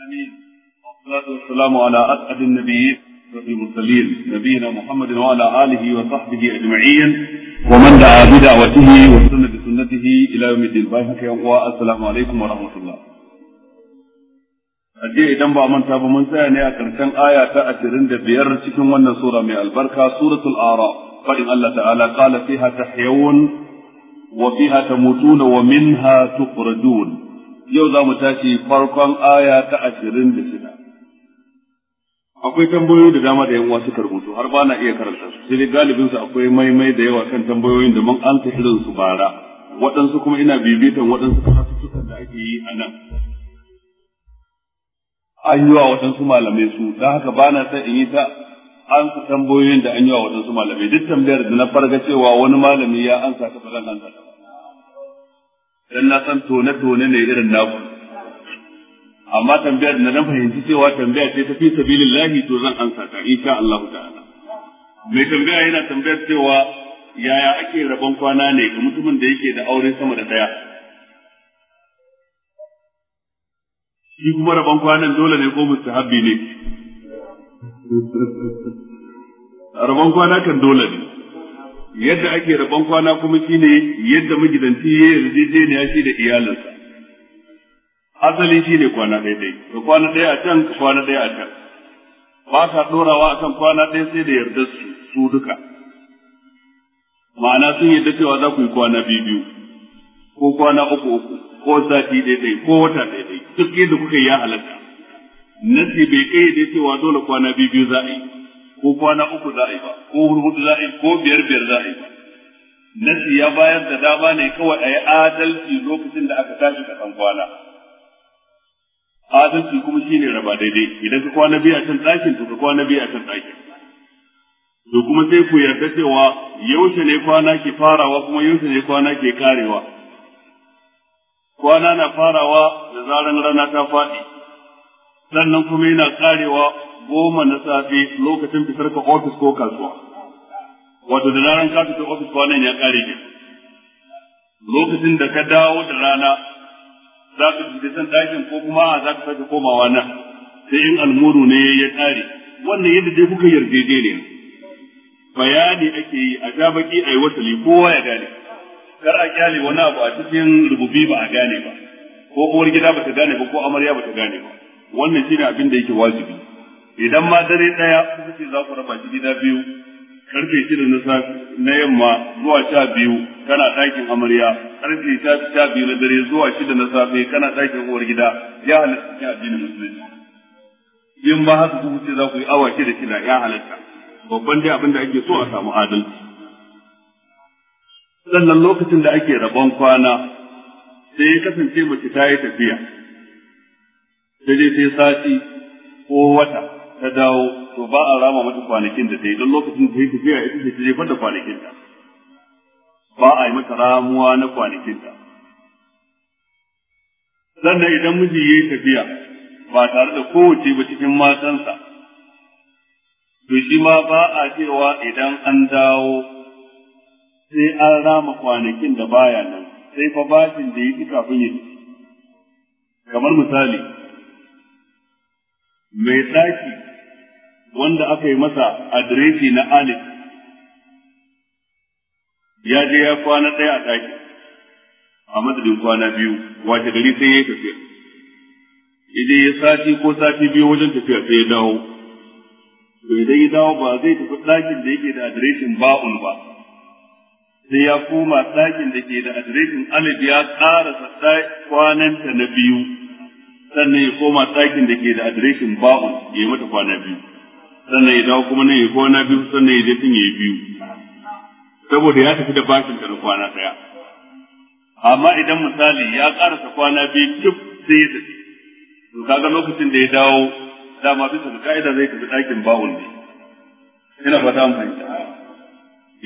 العالمين والصلاة والسلام على أسعد النبيين المرسلين نبينا محمد وعلى آله وصحبه أجمعين ومن دعا بدعوته وسنة بسنته إلى يوم الدين بايحك يوم السلام عليكم ورحمة الله أجي إدنبع من تاب من سيان يأكل كان آية تأثير بير سكن ونا سورة من البركة سورة الآراء فإن الله تعالى قال فيها تحيون وفيها تموتون ومنها تخرجون yau za mu tashi farkon aya ta ashirin da shida. Akwai tambayoyi da dama da yanwa suka rubutu har ba na iya karanta su, sai dai galibinsu akwai maimai da yawa kan tambayoyin da mun an ta su bara, waɗansu kuma ina bibitan waɗansu karatuttukan da ake yi a nan. An yi wa waɗansu malamai su, don haka ba na son in yi ta an su tambayoyin da an yi wa waɗansu malamai, duk tambayar da na farga cewa wani malami ya ansa ta faɗan an ansa ta dan na san tone tone ne irin naku amma tambayar da na fahimci cewa tambaya ce ta fi sabilillahi to zan ansa ta insha Allah ta'ala mai tambaya yana tambayar cewa yaya ake rabon kwana ne ga mutumin da yake da aure sama da daya shi kuma rabon kwanan dole ne ko mustahabbi ne rabon kwana kan dole ne yadda ake rabon kwana kuma shine yadda magidanci ya ne shi da iyalinsa asali shine kwana ɗaya ɗaya to kwana ɗaya a can kwana ɗaya a can ba sa ɗorawa a kan kwana ɗaya sai da yardar su su duka ma'ana sun yadda cewa za ku yi kwana biyu biyu ko kwana uku uku ko sati ɗaya ɗaya ko wata ɗaya ɗaya duk yadda kuka yi ya halatta nasi bai kai da cewa dole kwana biyu biyu za a yi ko kwana uku za a yi ba ko hudu za a yi ko biyar biyar za a yi ba nasi ya bayar da dama ne kawai a yi adalci lokacin da aka tashi ka san kwana adalci kuma shine raba daidai idan ka kwana biya can ɗakin to ka kwana biya can ɗakin to kuma sai ku yarda cewa yaushe ne kwana ke farawa kuma yaushe ne kwana ke karewa kwana na farawa da zaran rana ta faɗi sannan kuma yana karewa goma na safe lokacin fitar ka ofis ko kasuwa wato da ranar ka fita ofis kwanan ya kare ki? lokacin da ka dawo da rana za ka fita san ɗakin ko kuma za ka sake komawa nan sai in almuru ne ya kare wannan yadda dai kuka ne bayani ake yi a ja baki a yi wasali kowa ya gane kar a kyale wani abu a cikin rububi ba a gane ba ko kuma gida ba ta gane ba ko amarya ba ta gane ba wannan shine abin da yake wajibi idan ma dare daya kuka ce za ku raba shi gida biyu karfe shida na safi na yamma zuwa sha biyu kana ɗakin amarya karfe sha biyu na dare zuwa shida na safe kana ɗakin uwar gida ya halatta cikin addinin musulunci in ba haka kuka ce za ku yi awa shida shida ya halatta babban dai abin da ake so a samu adalci sannan lokacin da ake rabon kwana sai ya kasance mace ta yi tafiya sai dai sai sati ko wata ta dawo to ba a rama mata kwanakin da ta yi don lokacin da ta yi tafiya ita ce ta jefar da kwanakin ta. ba a yi mata ramuwa na kwanakin ta sannan idan miji ya yi tafiya ba tare da kowace ba cikin matansa to shi ma ba a cewa idan an dawo sai an rama kwanakin da baya nan sai fa bashin da ya yi kafin ya kamar misali mai ɗaki wanda aka yi masa adireshi na alif ya je ya kwana ɗaya a ɗaki a madadin kwana biyu wace gari sai ya yi tafiya idan ya sati ko sati biyu wajen tafiya sai ya dawo to idan ya dawo ba zai tafi ɗakin da yake da adireshin ba'un ba sai ya koma ɗakin da ke da adireshin alif ya ƙarasa kwananta na biyu sannan ya koma ɗakin da ke da adireshin ba'u ya yi mata kwana biyu sannan ya dawo kuma nan ya kwana biyu sannan ya je tun ya yi biyu saboda ya tafi da bashin da kwana ɗaya amma idan misali ya ƙarasa kwana biyu duk sai ya tafi to kaga lokacin da ya dawo dama bisa da ka'ida zai tafi ɗakin ba'un ne ina fata mun fahimta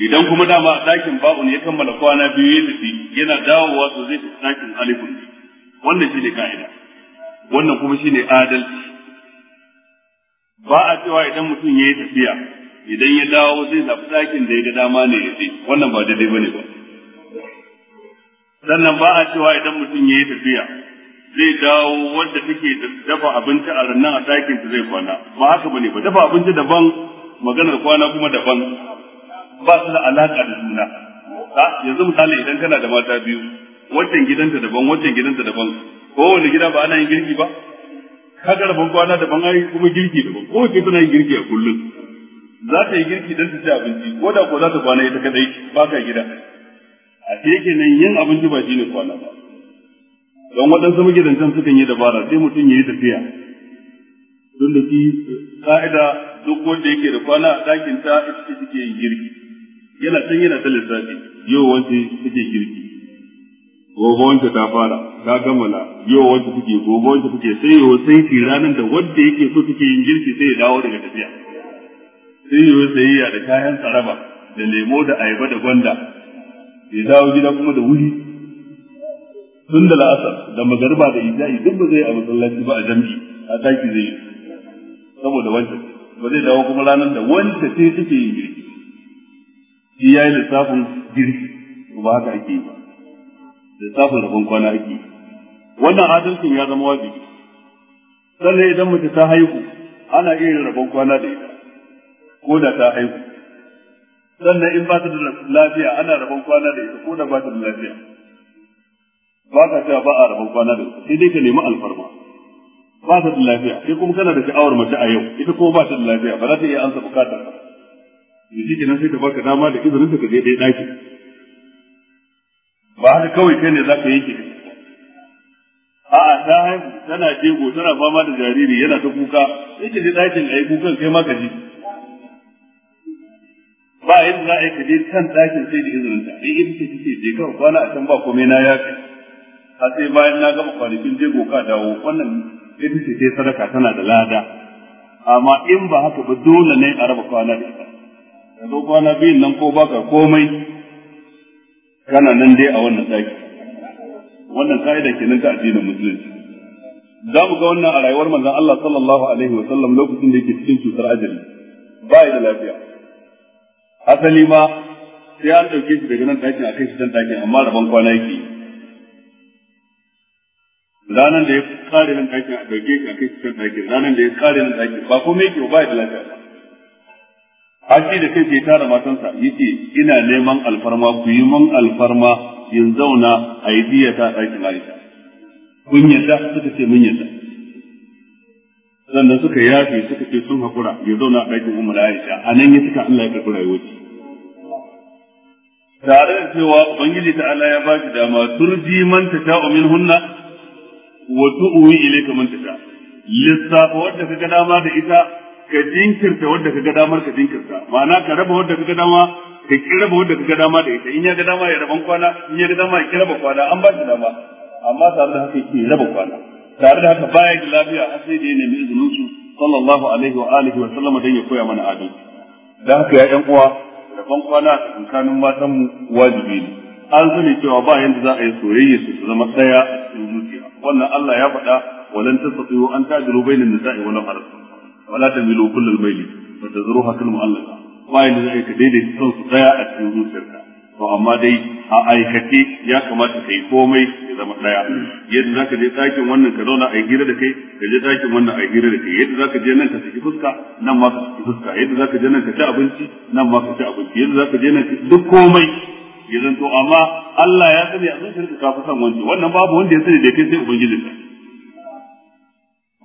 idan kuma dama ɗakin ba'un ya kammala kwana biyu ya tafi yana dawowa to zai tafi ɗakin alifun wannan shi ne ka'ida wannan kuma shine adalci ba a cewa idan mutum ya yi tafiya idan ya dawo zai zafi ɗakin da ya ga dama ne ya je wannan ba daidai bane ba sannan ba a cewa idan mutum ya yi tafiya zai dawo wanda take dafa abinci a rannan a ɗakin zai kwana ba haka bane ba dafa abinci daban maganar kwana kuma daban ba su da alaƙa da juna yanzu misali idan kana da mata biyu wancan gidanta daban wancan gidanta daban kowane gida ba ana yin girki ba kaga rabon kwana daban ai kuma girki daban ko ke tana yin girki a kullum za ta yi girki don ta ci abinci ko da ko za ta kwana ita kadai ba ka gida a yake nan yin abinci ba shine kwana ba don waɗansu magidantan sukan yi dabara sai mutum ya yi tafiya don da shi ka'ida duk wanda yake da kwana a ɗakin ta ita take yin girki yana can yana ta lissafi yau wanda take girki gobe ta fara ta gamala yau wanda take gobe wanda take sai yau sai ki ranar da wanda yake so take yin girki sai ya dawo daga tafiya sai yau sai ya da kayan saraba da lemo da ayaba da gwanda ya dawo gida kuma da wuri tun da la'asar da magariba da isha'i duk ba zai a masallaci ba a jam'i a daki zai saboda wancan ba zai dawo kuma ranar da wanda sai take yin girki shi ya yi lissafin girki ba haka ake yi ba lissafin rabon kwana ake wannan adalcin ya zama wajibi sannan idan mace ta haihu ana iya yin rabon kwana da ita ko da ta haihu sannan in ba ta da lafiya ana rabon kwana da ita ko da ba ta da lafiya ba ka cewa ba a rabon kwana da ita sai dai ka nemi alfarma ba ta da lafiya sai kuma kana da sha'awar mace a yau ita kuma ba ta da lafiya ba za ta iya ansa bukatar ba yanzu kenan sai ta baka dama da izinin ta ka je ɗaya ɗakin ba haka kawai kai ne za ka yanke a'a ta haihu tana jego tana fama da jariri yana ta kuka sai ki je ɗakin a yi kukan kai ma ka ji ba yadda za a yi ka je kan ɗakin sai da izinin ta ai ita ce take je kawai kwana a can ba kome na ya kai a sai bayan na gama kwanakin jego ka dawo wannan ita ce sai sadaka tana da lada amma in ba haka ba dole ne a raba kwana da ita yanzu kwana biyun nan ko baka komai kana nan dai a wannan ɗaki wannan ka'ida kenan ta addinin musulunci za mu ga wannan a rayuwar manzon Allah sallallahu alaihi wa sallam lokacin da yake cikin cutar ajali ba ya da lafiya asali ma sai an ɗauke shi daga nan ɗakin a kai shi can ɗakin amma rabon kwana yake ranar da ya kare nan ɗakin a ɗauke shi a kai shi can ɗakin ranar da ya kare nan ɗakin ba komai yake ba ya da lafiya ba har shi da kai ke tara matansa yake ina neman alfarma ku yi man alfarma in zauna a yi biya ta ɗakin Aisha kun yadda suka ce mun yadda sannan suka yafe suka ce sun haƙura ya zauna a ɗakin Umar Aisha a nan ya cika Allah ya karɓi rayuwar tare da cewa Ubangiji ta Allah ya ba shi dama turji man ta ta'u min hunna wa ile ka man ta ta lissafa wadda kaga dama da ita ka jinkirta wanda ka ga damar ka jinkirta ma'ana ka raba wanda ka ga dama ka ki raba wanda ka ga dama da ita in ya ga dama ya raban kwana in ya ga dama ya ki raba kwana an ba shi dama amma tare da haka ki raba kwana tare da haka baya da lafiya har sai da ya nemi izinin su sallallahu alaihi wa alihi wa sallama dan ya koya mana adalci dan haka ya ƴan uwa raban kwana a tsakanin matan mu wajibi ne an zama cewa ba yanda za a yi soyayya su zama tsaya a cikin zuciya wannan Allah ya faɗa walan tasatu an tajiru bainan nisa'i wa lam wala ta tamilu kullal bayli fa tazruha kal mu'allaka bayan da zai ka daidaita son su daya a cikin zuciyarka to amma dai a aikace ya kamata kai komai ya zama daya yadda zaka je dakin wannan ka zauna a hira da kai ka je dakin wannan a hira da kai yadda zaka je nan ka saki fuska nan ma ka saki fuska yadda zaka je nan ka ci abinci nan ma ka ci abinci yadda zaka je nan duk komai ya zanto amma Allah ya sani a zuciyarka ka fi son wanda wannan babu wanda ya sani da kai sai ubangijinka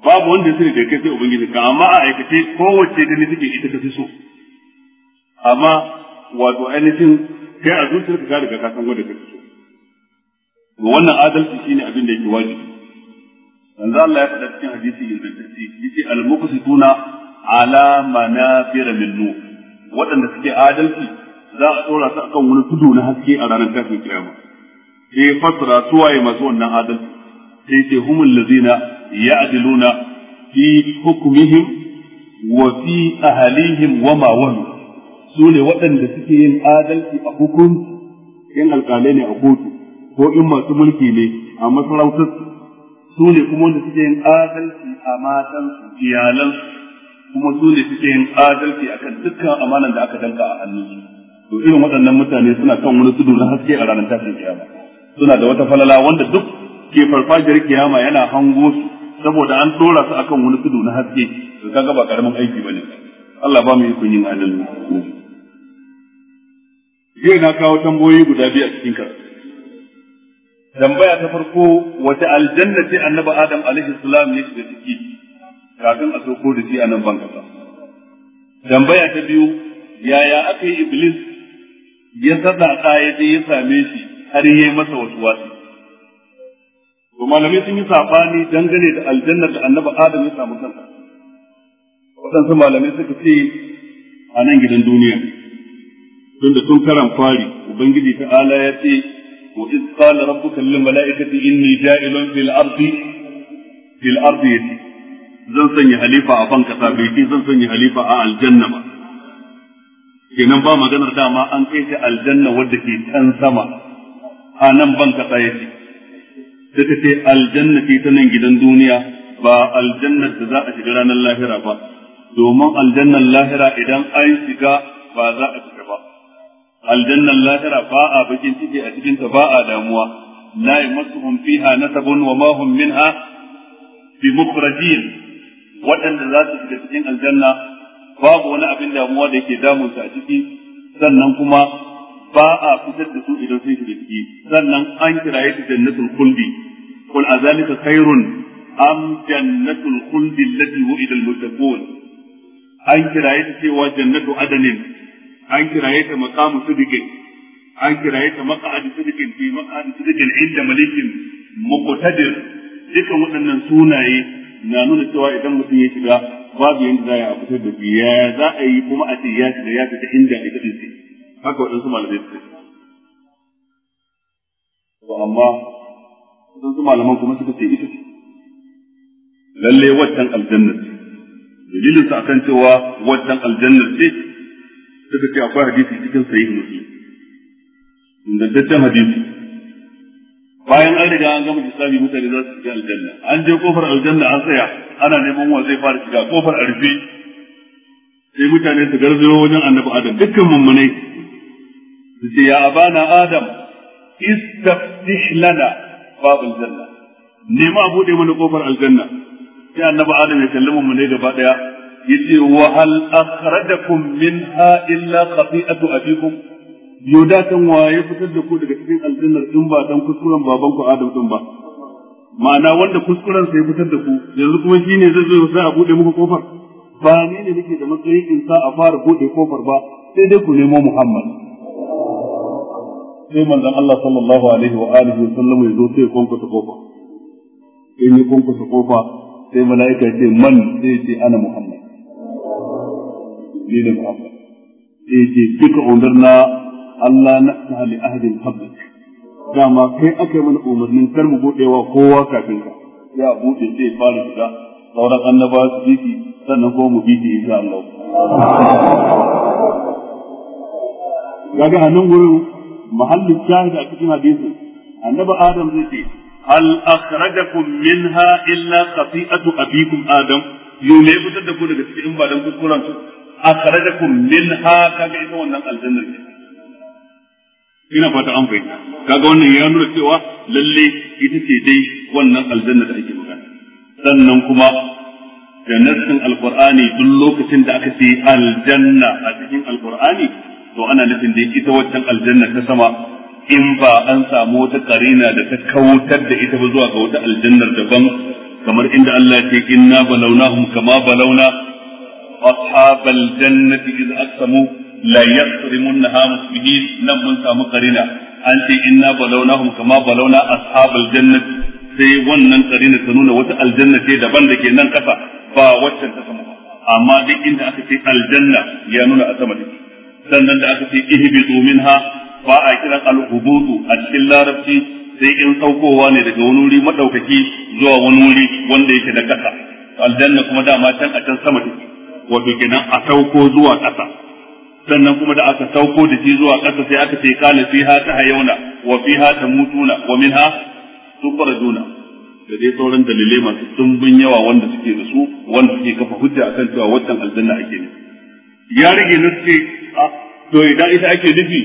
babu wanda sani da kai sai ubangiji ka amma a aikace kowace gani take ita ka fi so amma wato ainihin kai a zuciyarka ka riga ka san wanda ka fi so to wannan adalci shine abin da yake wajibi manzo Allah ya faɗa cikin hadisi ingantacce yace al-muqsituna ala manabir min nur waɗanda suke adalci za a ɗora su akan wani tudu na haske a ranar tashin kiyama sai fasara suwaye masu wannan adalci sai ce humul ladina يعدلون في حكمهم وفي أهليهم وما ولوا سولة وطن لسكين آدل في أحكم إن القالين أقوتوا ko in masu mulki ne a masarautar su ne kuma wanda في yin adalci a matan iyalansu kuma su ne suke yin adalci akan dukkan amanan to irin waɗannan mutane suna kan wani tudu na haske a ranar tashin kiyama suna da wata falala wanda duk ke farfajiyar kiyama yana hango su saboda an dora su akan wani tudu na haske to kaga ba karamin aiki bane Allah ba mu yi kunyin adalci jiya na kawo tambayoyi guda biyu a cikin karatu tambaya ta farko wata aljanna annabi adam alaihi salam ya shiga take kafin a sauko da shi a nan bankasa tambaya ta biyu yaya aka yi iblis ya sada ɗaya ya same shi har yi masa wasu wasu to malamai sun yi sabani dangane da aljanna da annabi adam ya samu kansa waɗansu malamai suka ce a nan gidan duniya da tun karan fari ubangiji ta ala ya ce wa iz qala rabbuka lil malaikati inni ja'ilun fil ardi fil ardi yati zan sanya halifa a ban kasa bai zan sanya halifa a aljanna ba kenan ba maganar dama an kai ta aljanna wadda ke can sama a nan ban kasa yake suka ce aljannati ta nan gidan duniya ba aljannar da za a shiga ranar lahira ba domin aljannar lahira idan an shiga ba za a shiga ba aljannar lahira ba a bakin ciki a cikin ta ba a damuwa la yamassuhum fiha nasabun wa ma hum minha bi mukhrajin waɗanda za su shiga cikin aljanna babu wani abin damuwa da yake damunsa a ciki sannan kuma ba a fitar da su idan sun shiga ciki sannan an kiraye ta jannatul khuldi qul azalika khairun am jannatul khuldi allati wu'ida al-muttaqun an kiraye ta cewa jannatu adanin an kiraye ta maqamu sidiqin an kiraye ta maq'ad sidiqin fi maq'ad sidiqin inda malikin muqtadir dukan waɗannan sunaye na nuna cewa idan mutum ya shiga babu yanda za a fitar da shi ya za a yi kuma a ce ya shiga ya fita inda ita ce haka waɗansu malamai suka ce to amma waɗansu malaman kuma suka ce ita ce lalle waccan aljanna ce dalilin sa akan cewa waccan aljanna ce suka ce akwai hadisi cikin sahih muslim ingantaccen hadisi bayan an riga an gama hisabi mutane za su shiga aljanna an je kofar aljanna an tsaya ana neman wa zai fara shiga kofar a rufe sai mutane su garzayo wajen annabi adam dukkan mummunai su ya abana adam istaftih lana babu janna nema bude mana kofar aljanna sai annabi adam ya kallama mu ne gaba daya yace wa hal akhrajakum minha illa qati'atu abikum yodatan waye fitar da ku daga cikin aljannar din ba dan kuskuren baban ku adam din ba ma'ana wanda kuskuren sai fitar da ku yanzu kuma shine zai zo sai a bude muku kofar ba ni ne nake da matsayin in sa a fara bude kofar ba sai dai ku nemo Muhammad sai manzon Allah sallallahu alaihi wa alihi wasallam ya zo sai kwankwasa kofa in ya kwankwasa kofa sai mala'ika ya ce man sai ce ana Muhammad ni ne Muhammad sai ce duka na Allah na ahli ahdin Muhammad." dama kai aka yi mana umarnin kar mu budewa kowa kafin ka ya bude sai fara shiga sauran annabawa su bi sannan kuma mu bi shi insha Allah kaga a nan wurin mahallin shahid a cikin hadisin annabi adam zai ce hal akhrajakum minha illa qati'atu abikum adam yau ne fitar da ku daga cikin in ba dan kuskuren su akhrajakum minha kaga ita wannan aljanna ce ina fata an fahimta kaga wannan ya nuna cewa lalle ita ce dai wannan aljanna da ake magana sannan kuma da nassin alqur'ani duk lokacin da aka ce aljanna a cikin alqur'ani to ana nufin da ita waccan aljanna ta sama in ba an samu wata karina da ta kautar da ita ba zuwa ga wata aljannar daban kamar inda Allah ya ce inna balawnahum kama balawna ashabal jannati iz aqsamu la yaqrimunha musbihin nan mun samu karina an ce inna balawnahum kama balawna ashabal jannati sai wannan karina ta nuna wata aljanna ce daban da ke nan kasa ba waccan ta sama amma duk inda aka ce aljanna ya nuna a sama take sannan da aka ce ihbitu minha ba a kira al-hubutu a cikin larabci sai in saukowa ne daga wani wuri madaukaki zuwa wani wuri wanda yake da kasa aljanna kuma dama can a can sama take wato kenan a sauko zuwa kasa sannan kuma da aka sauko da shi zuwa kasa sai aka ce kana fiha ta hayauna wa fiha ta mutuna, wa minha tukhrajuna da dai sauran dalilai masu dimbin yawa wanda suke da su wanda suke kafa hujja akan cewa wannan aljanna ake ne ya rage nufi to idan ita ake nufi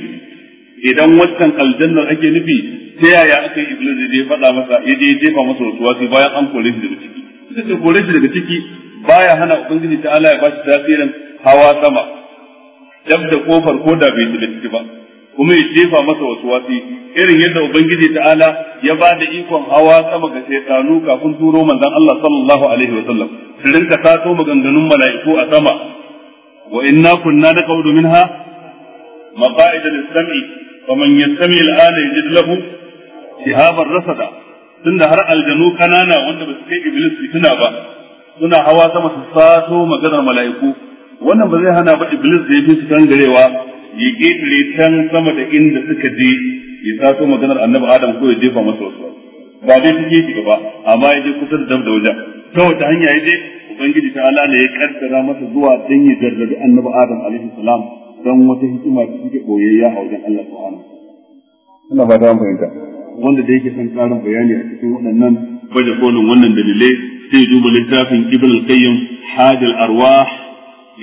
idan waccan aljannar ake nufi ta yaya aka yi iblis da ya faɗa masa ya je jefa masa sai bayan an kore shi daga ciki ita ce kore shi daga ciki baya hana ubangiji ta ala ya ba shi tasirin hawa sama dab da kofar ko da bai shiga ciki ba kuma ya jefa masa wasu wasi, irin yadda ubangiji ta ala ya ba da ikon hawa sama ga shaytanu kafin turo manzon Allah sallallahu alaihi wa sallam su rinka sato maganganun mala'iku a sama wa inna kunna naqawdu minha مقاعد للسمع ومن يستمع الآن يجد له شهابا رصدا tun da har aljanu kanana wanda ba su kai iblis fitina ba suna hawa sama su saso maganar mala'iku wannan ba zai hana ba iblis da ya fi su kangarewa ya ƙetare can sama da inda suka je ya sato maganar annabi adam ko ya jefa masa wasu ba dai suke ki ba amma ya je kusa da dab da wajen ta hanya ya je ubangiji ta ala ne ya kaddara masa zuwa dan ya gargaɗi annabi adam dan wata hikima da take boyayya a wajen Allah subhanahu ina ba an fahimta wanda da yake san tsarin bayani a cikin waɗannan baje kolin wannan dalilai sai duba littafin Ibn al-Qayyim Hajj al-Arwah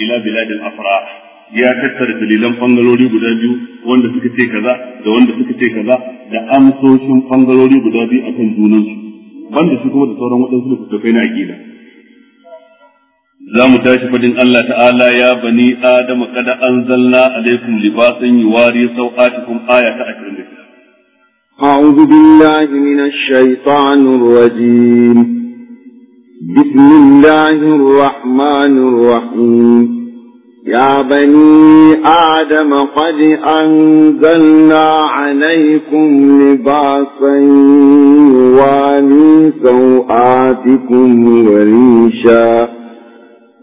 ila bilad al-afrah ya tattara dalilan bangalori guda biyu wanda suka ce kaza da wanda suka ce kaza da amsoshin bangalori guda biyu akan junansu banda su kuma da sauran waɗansu kai na aƙida za mu tashi fadin Allah ta'ala ya bani adama kada anzalna alaikum libasan yuwari sau'atikum aya ta 26 أعوذ بالله من الشيطان الرجيم بسم الله الرحمن الرحيم يا بني آدم قد أنزلنا عليكم لباسا يواني سوآتكم وريشا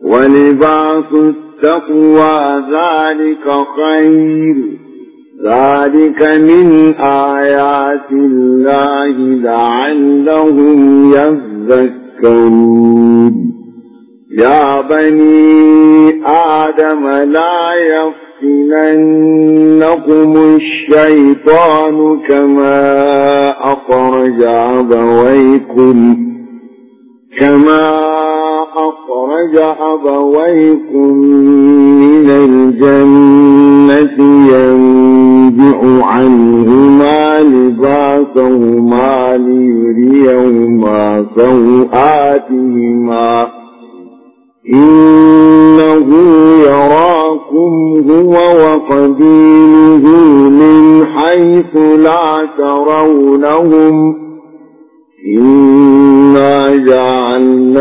ولباس التقوى ذلك خير ذلك من آيات الله لعلهم يذكرون يا بني آدم لا يفتننكم الشيطان كما أخرج أبويكم كما أخرج أبويكم من الجنة ينبع عنهما لباسهما ليريهما سوآتهما إنه يراكم هو وقبيله من حيث لا ترونهم إنا جعلنا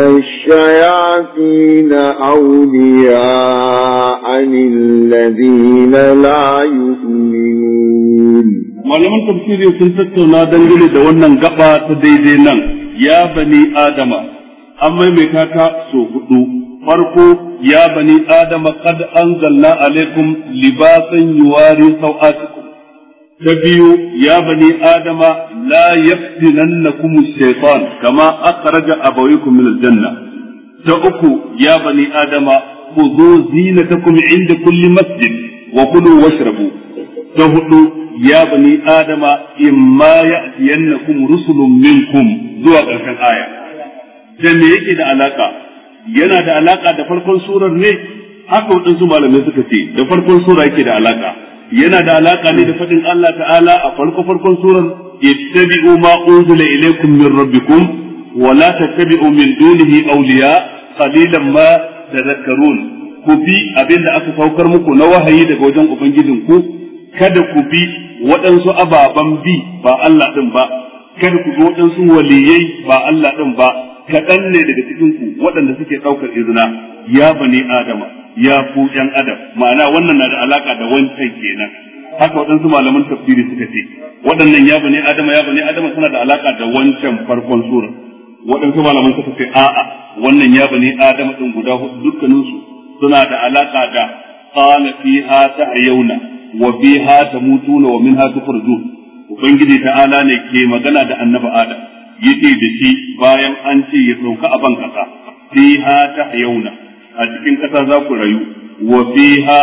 الشياطين أولياء للذين لا يؤمنون malaman tafsiri sun tattauna dangane da wannan gaba ta daidai nan ya bani adama an maimaita ta so hudu farko ya bani adama kad anzalna alaikum libasan yuwari sau'atikum ta biyu ya bani adama la kuma shaytan kama aka raga a abawaykum min janna. ta uku ya bani adama zo zina ta kuma inda kulli masjid wa kudu washrabu ta hudu ya bani adama in ma ya na kuma rusulun min kum zuwa ƙarshen aya da me yake da alaka yana da alaka da farkon surar ne haka waɗansu malamai suka ce da farkon sura yake da alaka yana da alaka ne da fadin Allah ta'ala a farko farkon surar ittabi'u ma unzila ilaykum min rabbikum wa la tattabi'u min dunihi awliya qalilan ma tadhakkarun ku bi abinda aka saukar muku na wahayi daga wajen ku kada ku bi waɗansu ababan bi ba Allah din ba kada ku bi waɗansu waliyai ba Allah din ba kaɗan ne daga cikin ku waɗanda suke ɗaukar izina ya bani adama ya ku ɗan adam ma'ana wannan na da alaka da wancan kenan haka waɗansu malaman tafsiri suka ce waɗannan ya bani adama ya bani adama suna da alaka da wancan farkon sura waɗansu malaman suka ce a'a wannan ya bani adama din guda hudu dukkaninsu suna da alaka da qala fiha ta'yuna wa fiha tamutuna wa minha tukhrajun ubangiji ta'ala ne ke magana da annabi adam yace da shi bayan an ce ya sauka a ban kasa fiha ta'yuna a cikin ƙasa za ku rayu wa fiha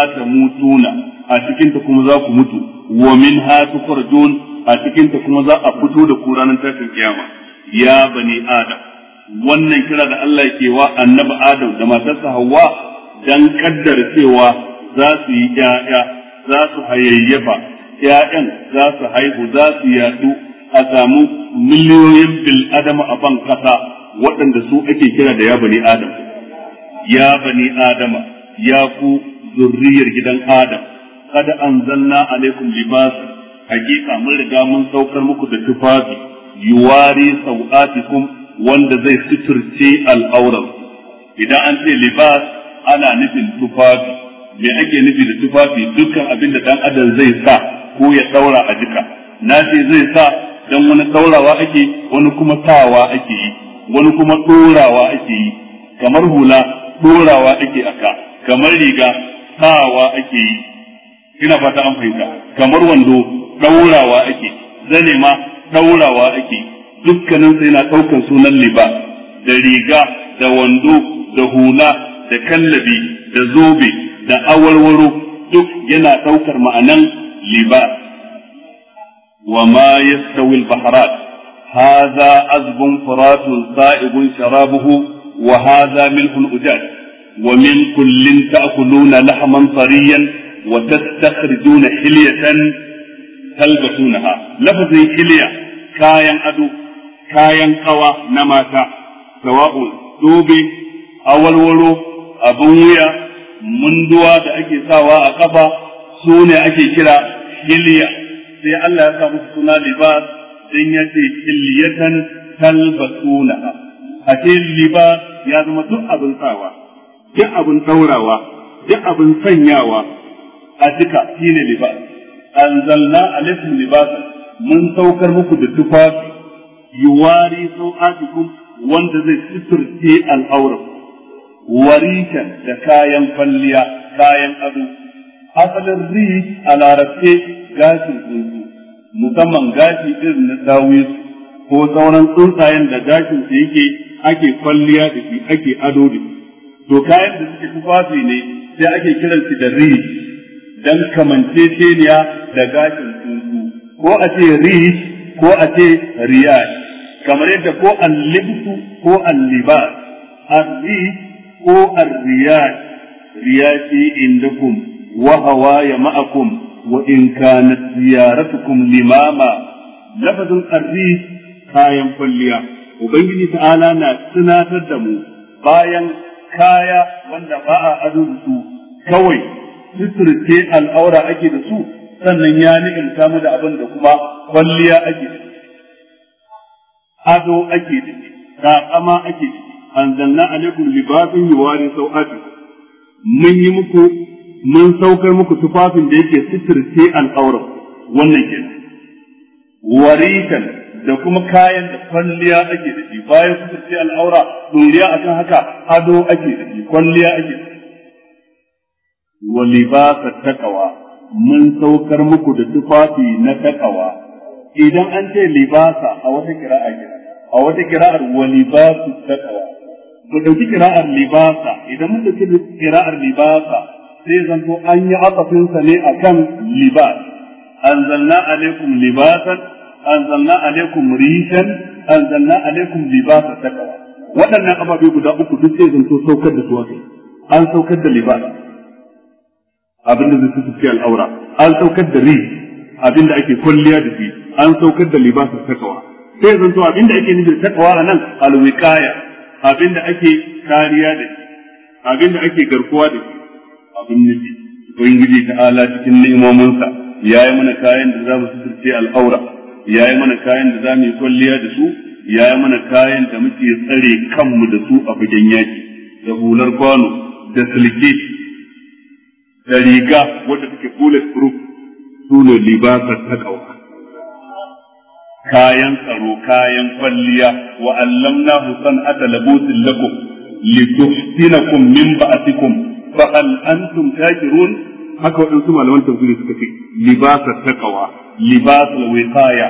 na, a cikin ta kuma za ku mutu wa min ha minha tukhrajun a cikin ta kuma za a fito da ku ranar tashin kiyama ya bani adam wannan kira da Allah ke wa annabi adam da matarsa hawa dan kaddar cewa za su yi ƴaƴa za su hayayyafa ƴaƴan za su haihu za su yadu a samu miliyoyin bil adam a ban kasa waɗanda su ake kira da ya bani adam ya bani adama ya ku zurriyar gidan adam kada an zanna a alaikum libas hakika mun riga mun saukar muku da tufafi yuwari sau'atikum wanda zai suturce al'auran idan an ce libas ana nufin tufafi me ake nufi da tufafi dukkan abin da dan adam zai sa ko ya daura a jika na ce zai sa dan wani daurawa ake wani kuma sawa ake yi wani kuma dorawa ake yi kamar hula dorawa ake aka kamar riga sawa ake yi ina fata an fahimta kamar wando daurawa ake zane ma daurawa ake dukkanin sai na sunan liba da riga da wando da hula da kallabi da zobe da awarwaro duk yana ɗaukar ma'anan liba wa ma yastawi al-baharat هذا عذب فرات سائغ شرابه wa hadha milhun ujaj wa min kullin ta'kuluna lahman tariyan wa tastakhrijuna hilyatan talbasunaha lafazin hilya kayan ado kayan kawa na mata sawa'un dobe awalwaro abin wuya munduwa da ake sawa a kafa sune ake kira hilya sai Allah ya sa musu suna libas dan ya ce hilyatan talbasunaha a ce liba ya zama duk abin sawa duk abin daurawa duk abin sanyawa a shi shine liba anzalna alaikum libasan. mun saukar muku da tufafi yuwari sau'atikum wanda zai suturce al'auran warikan da kayan kwalliya kayan ado asalin ri a larabce gashin tsuntsu musamman gashi irin na dawis ko sauran tsuntsayen da gashin su yake ake kwalliya da shi ake ado da shi to kayan da suke tufafi ne sai ake kiran su da ri dan teniya da gashin tsuntsu ko a ce ri ko a ce riyad kamar yadda ko al-libsu ko al-libas ar-ri ko ar-riyad riyati indakum wa hawaya ma'akum wa in kanat ziyaratukum limama lafazin ar-ri kayan kwalliya ubangiji ta'ala na tunatar da mu bayan kaya wanda ba a ado su kawai suturce al'aura ake da su sannan ya ni'imta mu da abin da kuma kwalliya ake da ado ake da kakama ake da anzalna alaikum libasin yuwari sau'ati mun yi muku mun saukar muku tufafin da yake suturce al'aura wannan kenan warikan da kuma kayan da kwalliya ake da shi bayan kuka ce al'aura doriya akan haka ado ake da shi kwalliya ake da shi wa libasa takawa mun saukar muku da tufafi na takawa. idan an ce libasa a wata kira'a a wata kira'ar wa libasu taqwa mu dauki kira'ar libasa idan mun dauki kira'ar libasa sai zanto an yi akafinsa ne akan libas anzalna alaikum libasan anzalna عليكم rishan anzalna عليكم libasa taqwa waɗannan ababe guda uku duk zai زنتو saukar da su akai an saukar da libasa abinda zai tafi al'aura an saukar da rish abinda ake kwalliya da shi an saukar da sai abinda ake nufi da taqwa anan alwiqaya abinda ake kariya da shi abinda ake garkuwa da shi abin nufi ubangiji ta ala cikin ni'imominsa ya yi mana kayan da za mu al'aura ya yi mana kayan da za mu yi kwalliya da su ya yi mana kayan da muke tsare kanmu da su a fagen yaki da hular kwano da silke da riga wadda take bullet proof su ne libasar ta takawa kayan tsaro kayan kwalliya wa allamnahu san'ata labusin lakum lituhsinakum min ba'atikum fa hal antum takirun haka waɗansu malaman tafsiri suka ce ta taqwa libasul wiqaya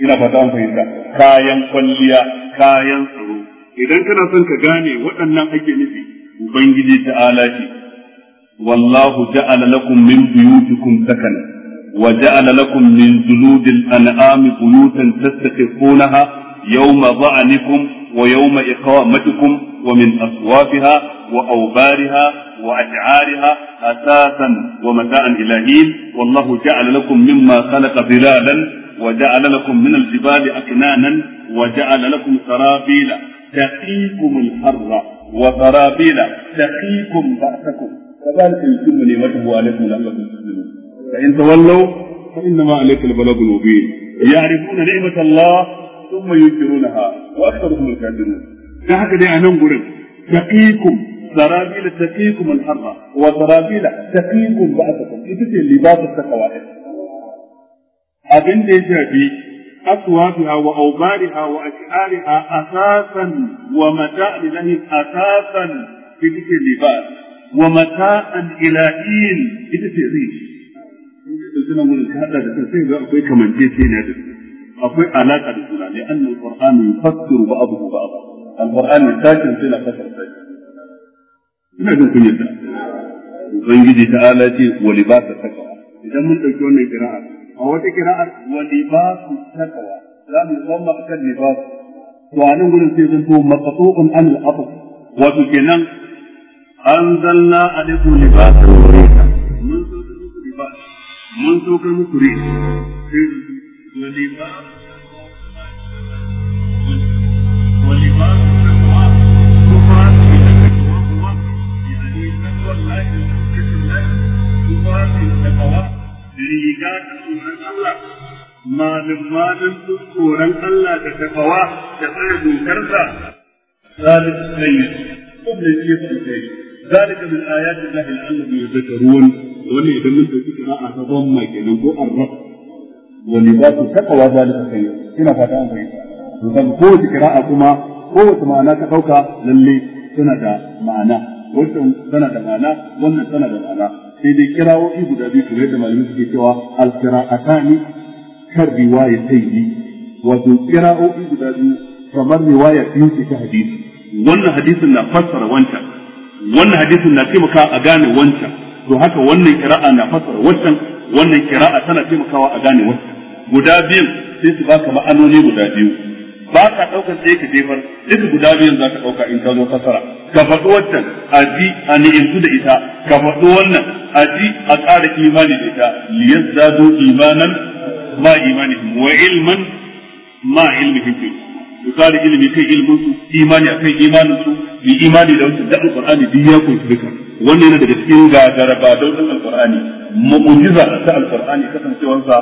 ina fata an fahimta kayan kwalliya kayan tsaro idan kana son ka gane waɗannan ake nufi ubangiji ta'ala ce wallahu ja'ala lakum min buyutikum sakana wa ja'ala lakum min juludil an'ami buyutan tastaqifunaha yawma dha'nikum wa yawma iqamatikum wa min aswafiha وأوبارها وأشعارها أساسا ومتاعا إلى والله جعل لكم مما خلق ظلالا وجعل لكم من الجبال أكنانا وجعل لكم سرابيلا تقيكم الحر وسرابيلا تقيكم بأسكم كذلك يتم نعمته عليكم لعلكم تسلمون فإن تولوا فإنما عليك البلاغ المبين يعرفون نعمة الله ثم ينكرونها وأكثرهم الكافرون. ده أنا نقول تقيكم سرابيل تقيكم الحر وسرابيل تقيكم بعثكم إذا لباس التقوى أبن دي أكوابها وأوبارها وأشعارها أساسا ومتاء لله أساسا إذا لباس ومتاء إلى حين إذا ريش suna mun hada da kan ne da akwai alaka da juna ne annal qur'an al-qur'an sai ina jin kunyar ta ubangiji ta ala ce wa libasa takawa idan mun dauki wannan kira'a a wata kira'a wa libasu takawa za mu zama akan libasu to a nan gurin sai zan to maqtu'un an al wato kenan anzalna alaykum libasan murika mun so muku libas mun so muku rika sai wa الله ومشرك الله تفاق التقوى malin malin tsoron Allah da takawa da tsare dokarsa ذلك السيد قبل الشيخ الكريم ذلك من آيات Ya لعلهم ruwan, wani idan mun dauki kira a gaban mai kenan ko arraf wani ba su taka wa zalika kai Kina fata an fahimta to kowace kira'a kuma kowace ma'ana ka ɗauka, lalle suna da ma'ana wannan tana da ma'ana wannan tana da ma'ana sai dai kirawo kirawoyi guda biyu kamar yadda malamai suke cewa al-qira'atani kar riwayatayni wato kira'o'i guda biyu kamar riwaya biyu ce ta hadisi wannan hadisin na fassara wancan, wannan hadisin na taimakawa a gane wancan, to haka wannan kira'a na fassara wancan wannan kira'a tana taimakawa a gane wancan. guda biyun sai su baka ma'anoni guda biyu ba ka ɗaukar sai ka jefar duka guda biyun za ka ɗauka in ka zo fasara ka faɗi wancan a ji a ni'imtu da ita ka faɗi wannan a ji a ƙara imani da ita liyar zado imanan ma imanihim wa ilman ma ilmihim fi su ƙara ilimi kai ilmin su imani a kan imanin su bi imani da wancan da alƙur'ani duk ya kunshi duka wannan yana daga cikin gagaraba dautan alƙur'ani mu'ujiza ta alƙur'ani kasancewarsa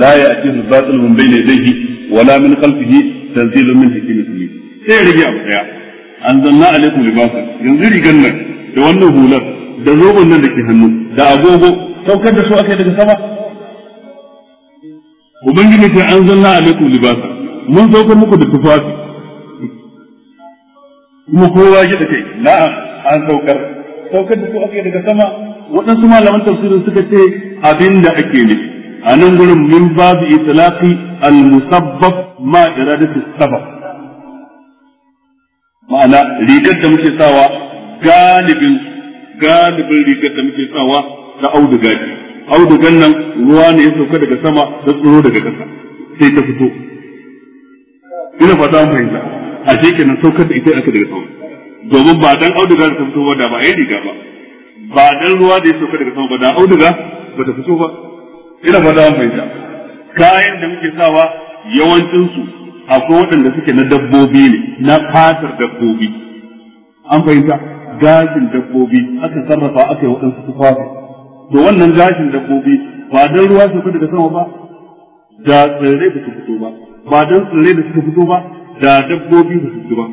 la ya'tihi batil min bayni yadayhi wala min khalfihi tanzilun min hakimin alim sai rage abu daya anzalna alaikum libasa yanzu rigan nan da wannan hular da zoben nan da ke hannu da agogo saukar da su akai daga sama ubangiji ta anzalna alaikum libasa mun saukar muku da tufafi kuma kowa ya da kai na'am an saukar saukar da su akai daga sama waɗansu malaman tafsirin suka ce abinda da ake nufi a nan gurin min babu itlaqi al-musabbab ma iradatu sabab ma'ana rigar da muke sawa galibin galibin rigar da muke sawa ta auduga audugan nan ruwa ne ya sauka daga sama da tsoro daga ƙasa sai ta fito ina fata an fahimta a shekenan saukar da ita aka daga sama domin ba dan auduga da ta fito ba da ba ai riga ba ba dan ruwa da ya sauka daga sama ba da auduga ba ta fito ba ina fata an fahimta kayan da muke sawa yawancinsu akwai waɗanda suke na dabbobi ne na fatar dabbobi an fahimta gashin dabbobi aka sarrafa aka yi waɗansu tufafi to wannan gashin dabbobi ba don ruwa su daga sama ba da tsirrai da su fito ba ba don tsirrai da suka fito ba da dabbobi ba su fito ba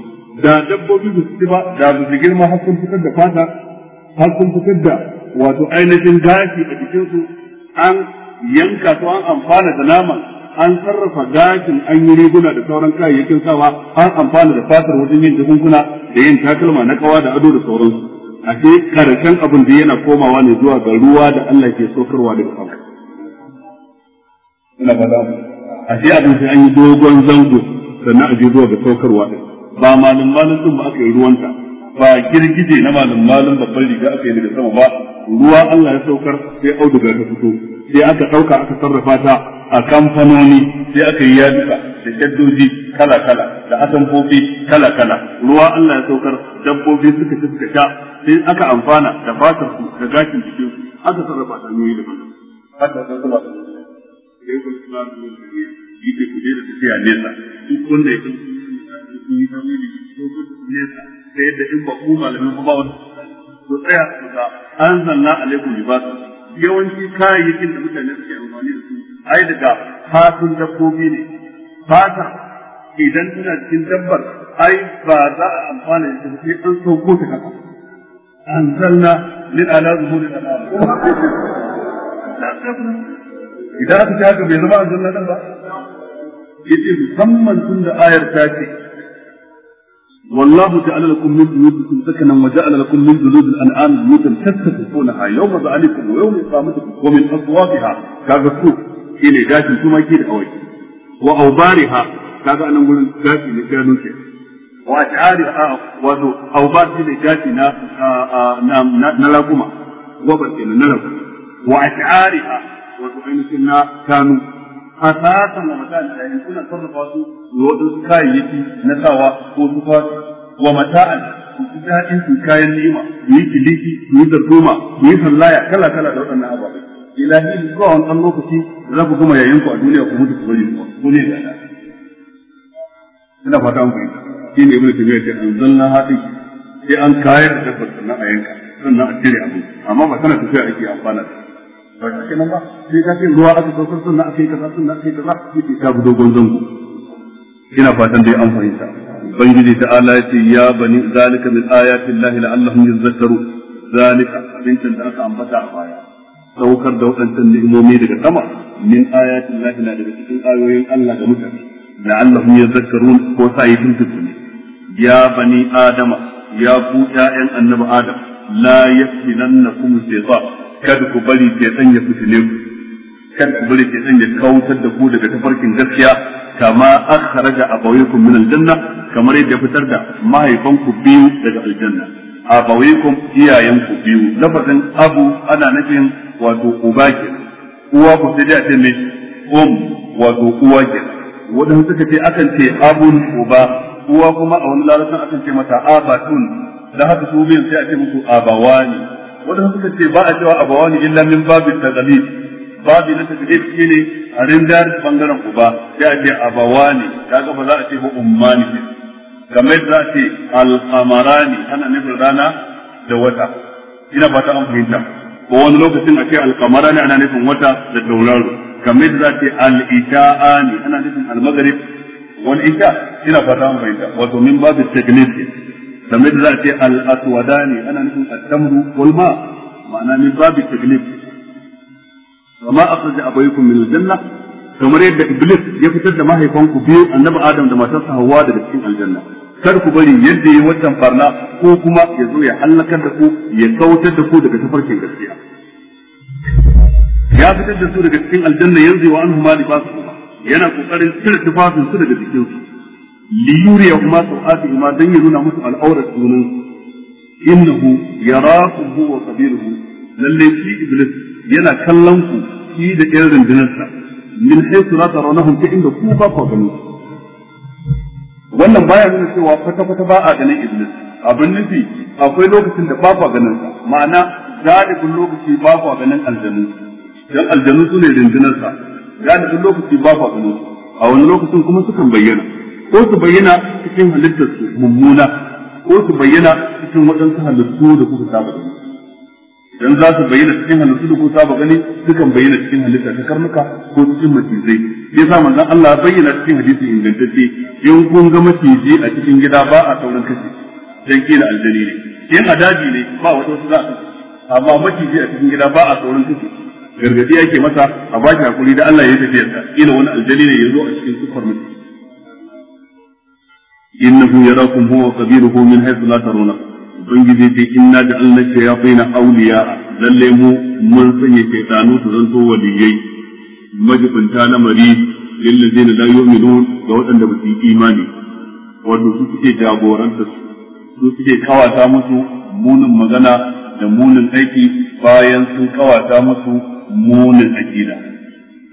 da dabbobi ba su ba da ba su girma har sun fitar da fata har sun fitar da wato ainihin gashi a jikinsu an yanka to an amfana da naman an sarrafa gashin an yi riguna da sauran kayayyakin sawa an amfana da fatar wajen yin jakunkuna da yin takalma na kawa da ado da sauransu a ce karshen abin da yana komawa ne zuwa ga ruwa da Allah ke sokarwa daga sama ina ba a ce abin sai an yi dogon zango sannan a je zuwa ga sokarwa ba malin malin din ba aka yi ruwanta ba girgije na malum malum babban riga aka yi daga sama ba ruwa Allah ya saukar sai auduga ta fito sai aka ɗauka aka sarrafa ta a kamfanoni sai aka yi yaduka da shaddoji kala kala da atamfofi kala kala ruwa Allah ya saukar dabbobi suka ci suka sha sai aka amfana da fatar su da gashin cikin su aka sarrafa ta hanyoyi daban haka sai kuma da yi da kuje da da yadda in ba ku malamin ku ba wani to tsaya su ga an zanna alaikum libas yawanci kayayyakin da mutane suke amfani da su ai daga fatun dabbobi ne fata idan tana cikin dabbar ai ba za a amfana da su sai an sauko ta haka an zanna lil ala zuhuri da idan aka ta haka bai zama an zanna ba yace musamman tun da ayar ta ce والله جعل لكم من جلودكم سكنا وجعل لكم من جلود الانعام بيوتا تستخفونها يوم ذلكم ويوم اقامتكم ومن اصواتها كذا سوء الى ذات ثم كيد اوي واوبارها كذا انا نقول ذات لكانوا كده واشعارها وذو اوبار الى ذات نا نا نلاقوما وبر الى نلاقوما واشعارها وذو اين كانوا asasan wa mata'an ilahi kuna sarrafa su da waɗansu kayayyaki na sawa ko tufafi wa mata'an ku ji daɗin su kayan ni'ima ku yi kiliki ku yi darduma ku yi sallaya kala kala da waɗannan ababai ilahi zuwa wani ɗan lokaci da za ku gama yayin ku a duniya ku mutu ku bari ku ne da ina fata an fahimta shi ne ibnu tabiya ce anzalna hadin sai an kayar da dabbar sannan a yanka sannan a cire abu amma ba tana tafiya ake amfana da ba shi kenan ba sai ka ce ruwa aka saukar sunna aka yi kaza sunna aka yi kaza yake ta bi dogon zango ina fatan dai an fahimta ubangiji ta ala ya ce ya bani zalika min ayatin lahi la'allahum yadhakkaru zalika abincin da aka ambata a baya saukar da waɗancan ni'imomi daga sama min ayatin lahi na daga cikin ayoyin Allah ga mutane la'allahum yadhakkarun kosa sa yi tuntuni ya bani adama ya ku ƴaƴan annabi adam la yaftinannakum shaytan kada ku bari san ya fitine ku kada ku bari san ya kautar da ku daga tafarkin gaskiya kama akhraja abawaykum min aljanna kamar yadda fitar da mahaifanku biyu daga aljanna abawaykum iyayenku biyu lafazin abu ana nufin wato uba ke uwa ku sai da mai um wato uwa ke wadanda suka ce akan ce abun uba uwa kuma a wani larabcin akan ce mata abatun da haka su biyan sai a ce musu abawani wadanda suka ce ba a cewa abawani illa min babin tagalid babi na tagalid shi ne a rindar bangaren uba sai a ce abawani kaga ba za a ce ba ummani kamar za a ce al'amarani ana nufin rana da wata ina ba ta an ko wani lokacin a ce al'amarani ana nufin wata da dauraro kamar za a ce al'ita'ani ana nufin al-maghrib wal isha ina ba ta fahimta wato min babin tagalid kamar da za a ce al-aswadani ana nufin al'amru tamru ma'ana min babu taglib kama akhraja abaykum min al-janna kamar yadda iblis ya fitar da mahaifanku biyu annabi adam da matarsa hawa daga cikin aljanna kar ku bari yadda yi wancan farna ko kuma ya zo ya hallakar da ku ya kautar da ku daga tafarkin gaskiya ya fitar da su daga cikin aljanna yanzu wa anhu ma libasu yana kokarin cire tufafin su daga jikinsu li yuriya kuma su'atihima dan ya nuna musu al'aurar junan innahu yarakum huwa Kabiru. lalle shi iblis yana kallon ku shi da irin rundunarsa min haythu la tarawnahum ta inda ku ba ku gani wannan baya nuna cewa kwata kwata ba a ganin iblis abin nufi akwai lokacin da ba ku ganin sa ma'ana galibin lokaci ba ku ganin aljanu dan aljanu sune rundunarsa galibin lokaci ba ku ganin a wani lokacin kuma sukan bayyana ko su bayyana cikin halittar su mummuna ko su bayyana cikin waɗansu halittu da kuka saba gani idan za su bayyana cikin halittu da kuka saba gani sukan bayyana cikin halitta ta karnuka ko cikin macizai ya sa manzon Allah bayyana cikin hadisi ingantacce in kun ga maciji a cikin gida ba a sauran kashi, dan kila aljani ne in daji ne ba wata wasu za a amma maciji a cikin gida ba a sauran kashi gargadi yake masa a ba shi hakuri da Allah ya tafi yarda ila wani aljali ne ya zo a cikin sufar mutum innahu yarakum huwa wa qabiluhu min haythu la tarawna ubangiji ce inna ja'alna shayatina awliya lalle mu mun sanya shaytanu su zanto waliyai majibinta na mari lillazina la yu'minun ga waɗanda ba su imani wato su suke jagorantar su suke kawata musu munin magana da munin aiki bayan su kawata musu munin akida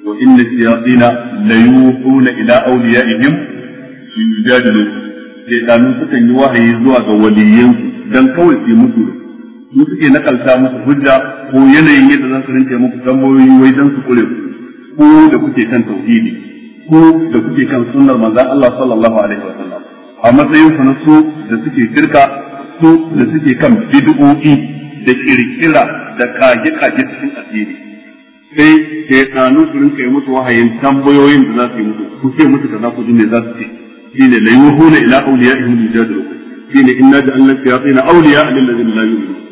wa inna shayatina la yuhuna ila shaitanu sukan yi wahayi zuwa ga waliyansu dan kawai su musu su suke nakalta musu hujja ko yanayin yadda za su rinke muku tambayoyi wai dan su kure ku ko da kuke kan tauhidi ko da kuke kan sunnar manzon Allah sallallahu alaihi wa sallam a matsayin su na su da suke shirka su da suke kan bid'o'i da kirkira da kage kage cikin asiri sai shaitanu su rinke musu wahayin tambayoyin da za su yi musu ku ce musu da za ku ji me za su ce حين لا يوحون الى اوليائهم ليجادلوا حين انا جعلنا الشياطين اولياء للذين لا يؤمنون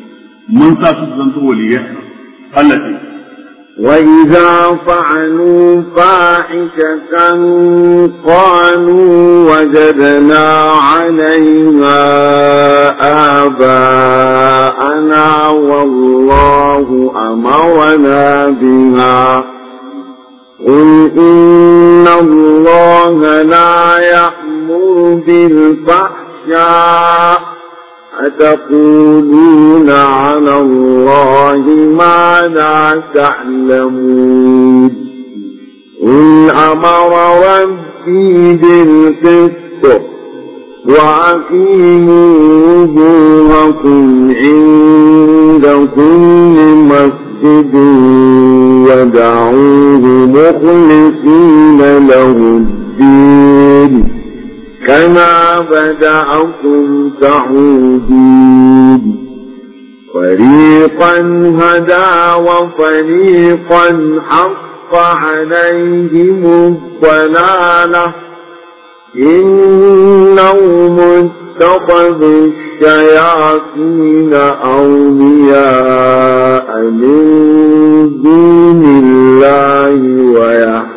من ساكت ظن وليا التي واذا طعنوا فاحشه قالوا وجدنا عليها اباءنا والله امرنا بها قل ان الله لا يحب يأمر بالفحشاء أتقولون على الله ما لا تعلمون قل أمر ربي بالقسط وأقيموا وجوهكم عند كل مسجد ودعوه مخلصين له الدين كما بدأكم تعودون فريقا هدى وفريقا حق عليهم الضلالة إنهم اتخذوا الشياطين أولياء من دون الله ويحبون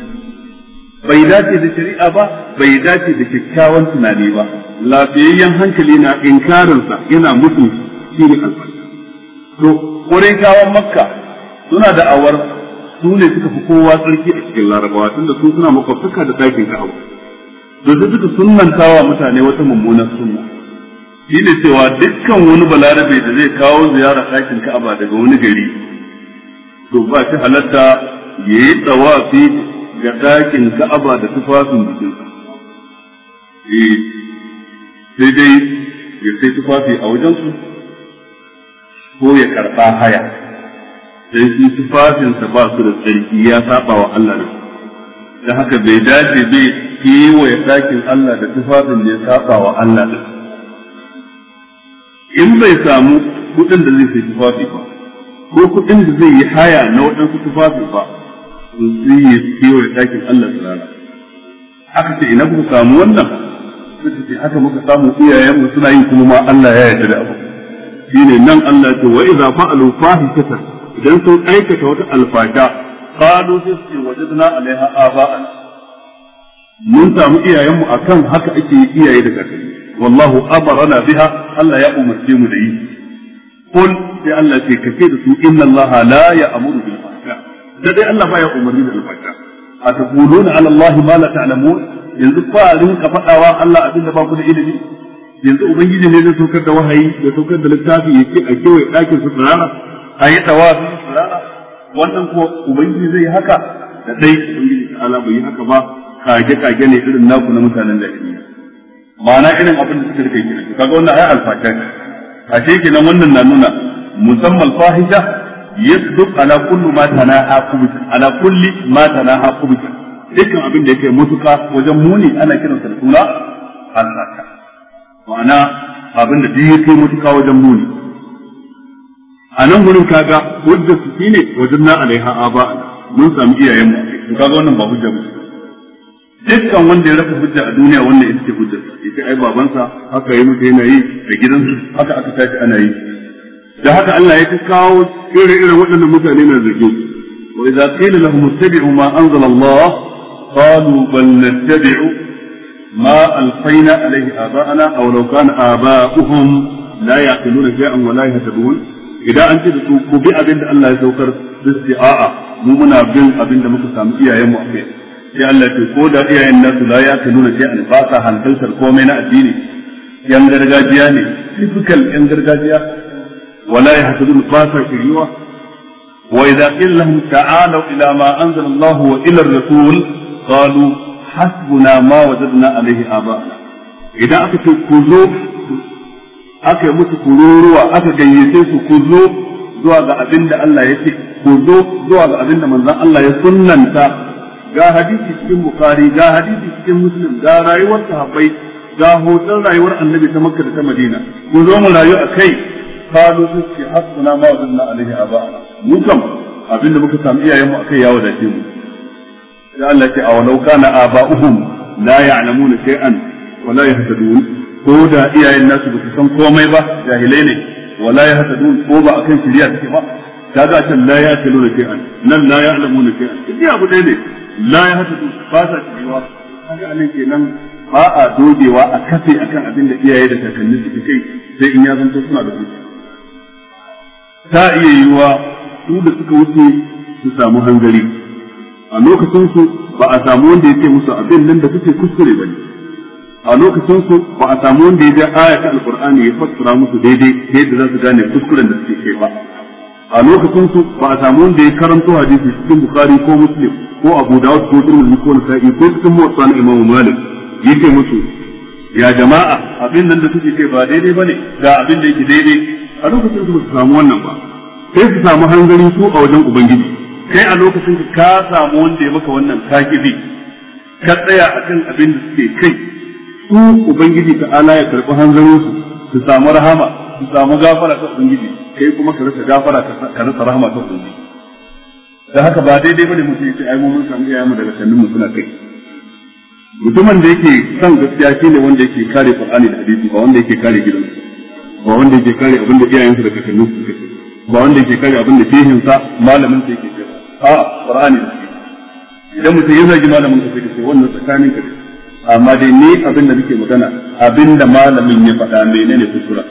bai dace da shari'a ba bai dace da kyakkyawan tunani ba lafiyayyen hankali na inkarinsa yana mutu shi ne albarka to ƙurai kawon makka suna da awar su ne suka fi kowa tsarki a cikin larabawa tunda su suna makwabtaka da ɗakin ka'aba da su suka sunanta wa mutane wata mummunar sunna shi ne cewa dukkan wani balarabe da zai kawo ziyara ɗakin ka'aba daga wani gari to ba shi halatta ya yi tsawafi ga ɗakin ka'aba da tufafin jikinsa eh sai dai ya sai tufafi a wajensu ko ya karɓa haya sai su tufafinsa ba su da tsarki ya saba wa Allah da da haka bai dace bai kewaye ɗakin Allah da tufafin da ya saba wa Allah da in bai samu kuɗin da zai sai tufafi ba ko kuɗin da zai yi haya na waɗansu tufafi ba tsuntsi ya kewaye ɗakin Allah tsirara aka ce ina kuka samu wannan suka ce haka muka samu iyayenmu suna yi kuma ma Allah ya yarda da abu shine nan Allah ce wa idza fa'alu fahishatan idan sun aikata wata alfasha qalu sai wajadna alaiha Aba'an. mun samu iyayenmu akan haka ake iyaye da kakanni والله أمرنا بها ألا يأمر في مدعي قل لألا da كثير إن الله لا يأمر da dai Allah baya umarni da alfasha ataquluna ala Allah ma la ta'lamun yanzu fa ka fadawa Allah abin da ba ku da ilimi yanzu ubangiji ne zai saukar da wahayi da saukar da littafi yake a kewaye ɗakin su tsirara a yi tawafi tsirara wannan ko ubangiji zai yi haka da dai ubangiji ta ala bai yi haka ba kage kage ne irin naku na mutanen da ke. ma'ana irin abin da suka rike kenan kaga wannan ai alfasha ce a ce kenan wannan na nuna musamman fahisha yasduq ala kulli ma tanaha qubut ala kulli ma tanaha qubut dukkan abin da yake mutuka wajen muni ana kiransa da suna halaka ma'ana abin da duk yake mutuka wajen muni a nan gurin kaga hujja su shine wajen na alaiha aba mun sami iyayen mu kaga wannan ba hujja ba dukkan wanda ya rasa hujja a duniya wannan ita ce hujjarsa ita ai babansa haka yi mutu yana yi da gidansu haka aka tashi ana yi da haka Allah ya kawo irin-irin waɗannan mutane na zargi wa idza qila lahum ittabi'u ma anzala Allah qalu bal nattabi'u ma alfayna alayhi aba'ana aw law kana aba'uhum la yaqiluna shay'an wa la yahtadun idan an ce da su ku bi abinda Allah ya saukar su a'a mu muna bin abinda muka samu iyayenmu a kai sai Allah ya ce ko da iyayen nasu la yaqiluna shay'an ba sa hankaltar komai na addini yan gargajiya ne typical yan gargajiya ولا يهتدون باسا شريوة وإذا قيل لهم تعالوا إلى ما أنزل الله وإلى الرسول قالوا حسبنا ما وجدنا عليه آباءنا إذا أكتب كذوب aka musu kururuwa aka gayyace su ku zo zuwa ga abin Allah ya ce ku zuwa ga abin da Allah ya sunnanta ga hadisi cikin Bukhari ga hadisi cikin Muslim ga rayuwar sahabbai ga hoton rayuwar Annabi ta Makka ta Madina ku mu rayu a kai kalu sun ce hasbuna ma zanna alaihi aba mu kam abinda muka samu iyayen mu akai ya da shi mu sai Allah ya ce a walau kana aba'uhum la ya'lamuna shay'an wa la yahtadun ko da iyayen nasu ba su san komai ba jahilai ne wa la yahtadun ko ba akan shari'a take ba kaga a can la ya'lamuna shay'an nan la ya'lamuna shay'an duk abu dai-dai ne la yahtadun ba sa cewa kaga ke nan ba a dogewa a kafe akan abin da iyaye da kakanni suke kai sai in ya zanto suna da zuciya ta iya yiwuwa su da suka wuce su samu hangari. a lokacin su ba a samu wanda ya ce musu abin nan da suke kuskure ne. a lokacin su ba a samu wanda ya ga aya ta alqur'ani ya fassara musu daidai yadda za su gane kuskuren da suke kai ba a lokacin su ba a samu wanda ya karanto hadisi cikin bukhari ko muslim ko abu dawud ko tirmidhi ko nasa'i ko cikin muwatta na imamu malik yake musu ya jama'a abin nan da suke kai ba daidai bane ga abin da yake daidai a lokacin su su samu wannan ba sai su samu hanzari su a wajen ubangiji kai a lokacin ka samu wanda ya maka wannan takibi ka tsaya akan abin da suke kai su ubangiji ta ala ya karɓi hanzarin su su samu rahama su samu gafara ta ubangiji kai kuma ka rasa gafara ka rasa rahama ta ubangiji da haka ba daidai bane mutum ya ce ai mun samu iyayen mu daga sannin mu suna kai mutumin da yake son gaskiya shine wanda yake kare qur'ani da hadisi ba wanda yake kare gidansu ba wanda yake kare abin da iyayensa da kakannin su suka ba wanda yake kare abin da shehin sa malamin sa yake ce a qur'ani da shi idan mutum ya zagi malamin sa sai ce wannan tsakanin ka amma dai ni abin da nake magana abin da malamin ya faɗa menene kusura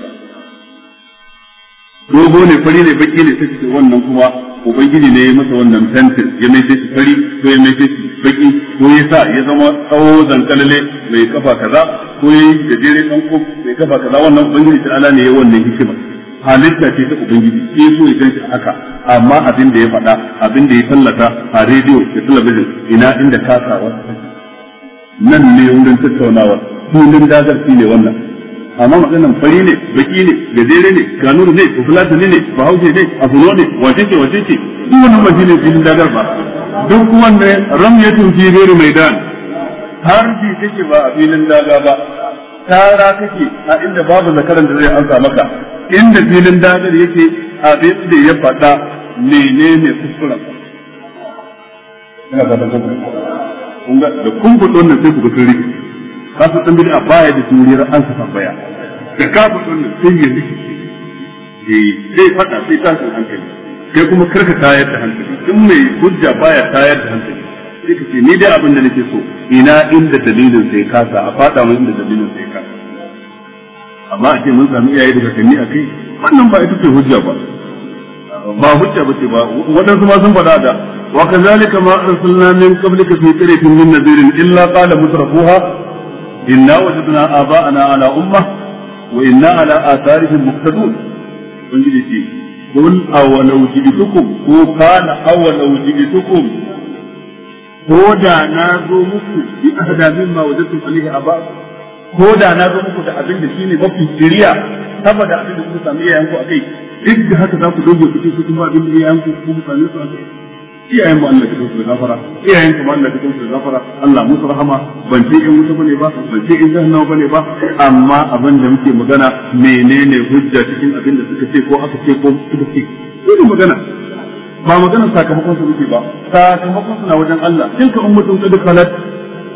dogo ne fari ne baki ne sai ce wannan kuma ubangiji ne ya masa wannan tantin ya mai sai fari ko ya mai sai baki ko ya sa ya zama tsawo zankalale mai kafa kaza ko ya yi gajere ɗan ko mai kafa kaza wannan ubangiji ta ala ne ya wannan hikima halitta ce ta ubangiji ke so ya ganci haka amma abin da ya faɗa abin da ya tallata a rediyo da talabijin ina inda kasawa nan ne wurin tattaunawa filin dazarci ne wannan amma maganan fari ne baki ne gajere ne ganuru ne fulatani ne bahaushe ne afulo ne wace ce wace ce duk wannan ba ne filin dagar ba duk wanne ramyatun fi mai maidan har ji take ba a filin daga ba tara take a inda babu zakaran da zai amsa maka inda filin dagar yake abin da ya faɗa menene kuskuren ina da kun fito nan sai ku ga sun ka su tsambi da baya da turiyar an sa tambaya da ka fito nan sai ya rike eh, sai faɗa sai tashin hankali sai kuma karka tayar da hankali duk mai hujja baya tayar da hankali sai ka ce ni dai abin da nake so ina inda dalilin sai kasa a fada mun inda dalilin sai kasa amma a ce mun sami iyaye daga kanni a kai wannan ba ita ce hujja ba ba hujja ba ce ba waɗansu ma sun faɗa da wa kazalika ma arsalna min qablika fi qaryatin min nadirin illa qala mutrafuha inna wajadna aba'ana ala ummah wa inna ala atharihim muqtadun ubangiji ce قل أولو جئتكم هو كان أولو جئتكم هو دا نازو مكو بأهدى مما وجدتم عليه آباءكم هو دا نازو مكو دا أبن دشيني بفي سيريا كما دا أبن دشيني سامية ينكو أكي إذ هكذا كدوجي كتير سكما أبن دشيني ينكو كتير سامية ينكو iyayen mu Allah cikin su da gafara iyayen kuma Allah cikin su da gafara Allah musu rahama ban ce in wuta bane ba ban ce in jahannama bane ba amma abin da muke magana menene hujja cikin abin da suka ce ko aka ce ko suka ce shi magana ba magana sakamakon su muke ba sakamakon suna wajen Allah tilka ummatun qad khalat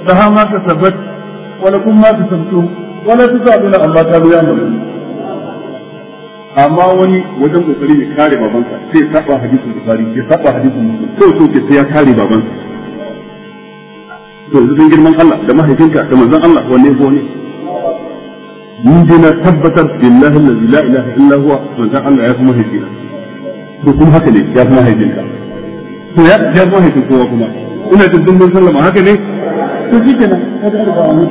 laha ma kasabat wa lakum ma kasabtum wa la tusaluna amma kanu ya'malun amma wani wajen kokari ya kare babansa sai ya saba hadisin bukari ya saba hadisin muslim kawai so ke sai ya kare babansa to yanzu girman Allah da mahaifinka da manzon Allah wanne ko ne mun je na tabbatar billahi allazi la ilaha illa huwa manzon Allah ya kuma mahaifina to kuma haka ne ya kuma mahaifinka to ya ya kuma mahaifin kowa kuma ina jin dindin sallama haka ne to shikenan ka ga ba mu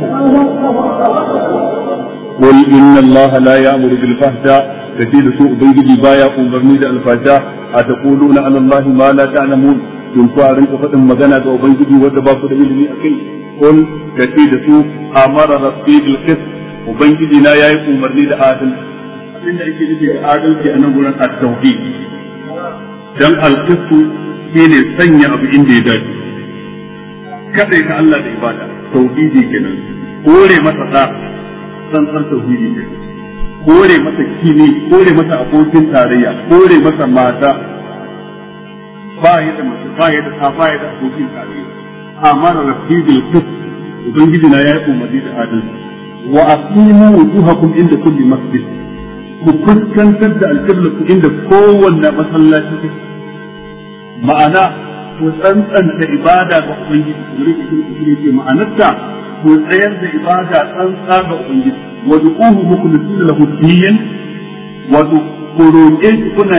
قل إن الله لا يأمر بالفحشاء kace da su ubangiji baya umarni da alfasha a taquluna ala allahi ma la ta'lamun kin ku a rinka faɗin magana ga ubangiji wanda ba ku da ilimi akai kun kace da su amara rabbi bil qist ubangiji na umarni da adalci da adalci a nan gurin dan al-qist ne sanya abu inda ya dace kada ka Allah da ibada tauhidi kenan kore masa sa, san san tauhidi kenan kore masa kini kore masa abokin tarayya kore masa mata ba ya da mace ba ya da ta ba ya da abokin tarayya amma da rafiqil qist ubangiji na ya yi umarni da adalci wa aqimu wujuhakum inda kun bi masjid ku fuskantar da alqibla ku inda kowanne masallaci take ma'ana ku tsantsanta ibada ga ubangiji ku rike ku rike ma'anarta ku tsayar da ibada tsantsa ga ubangiji wad'uhu mukhlisin lahu din wato ku roƙe shi kuna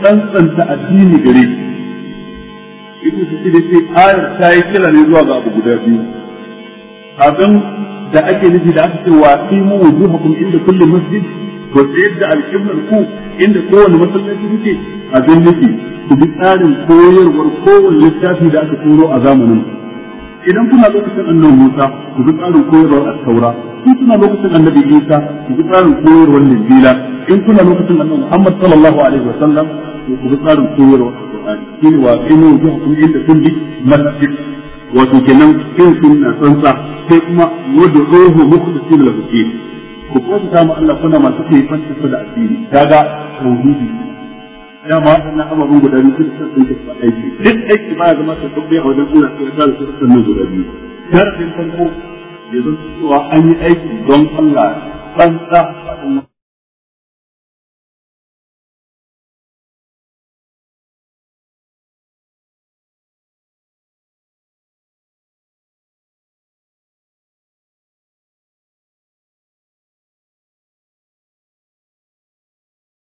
tsantsanta addini gare shi ibn kasir yace ayar ta yi kira ne zuwa ga abu guda biyu abin da ake nufi da aka ce wa qimu wujuhakum inda kulli masjid wa yadda al-qibla ku inda kowane masallaci kuke abin nufi ku bi tsarin koyarwar kowane littafi da aka turo a zamanin idan kuna lokacin annabi Musa ku bi tsarin koyarwar at-taura in kuna lokacin annabi Isa ku bi tsarin koyarwar Injila in kuna lokacin annabi Muhammad sallallahu alaihi wasallam ku bi tsarin koyarwar Al-Qur'ani inda masjid wato kenan kin sai kuma ku kuma ta Allah kuna masu kai fanta da asiri kaga tauhidi ya ma ababen guda biyu suka sassan ta aiki duk aiki ba ya zama sassabbe a wajen Allah sai ya tara sassan guda biyu sharadin farko ya zan cewa an yi aiki don Allah ban ɗa a